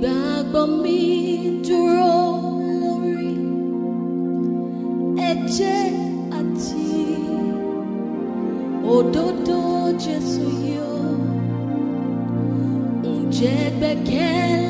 ìgbàgbọ́ mi dúró lórí eche àti òdodo Jésù yóò ń jẹ́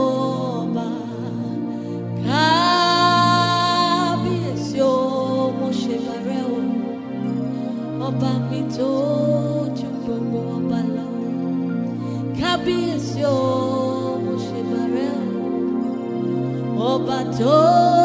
but oh.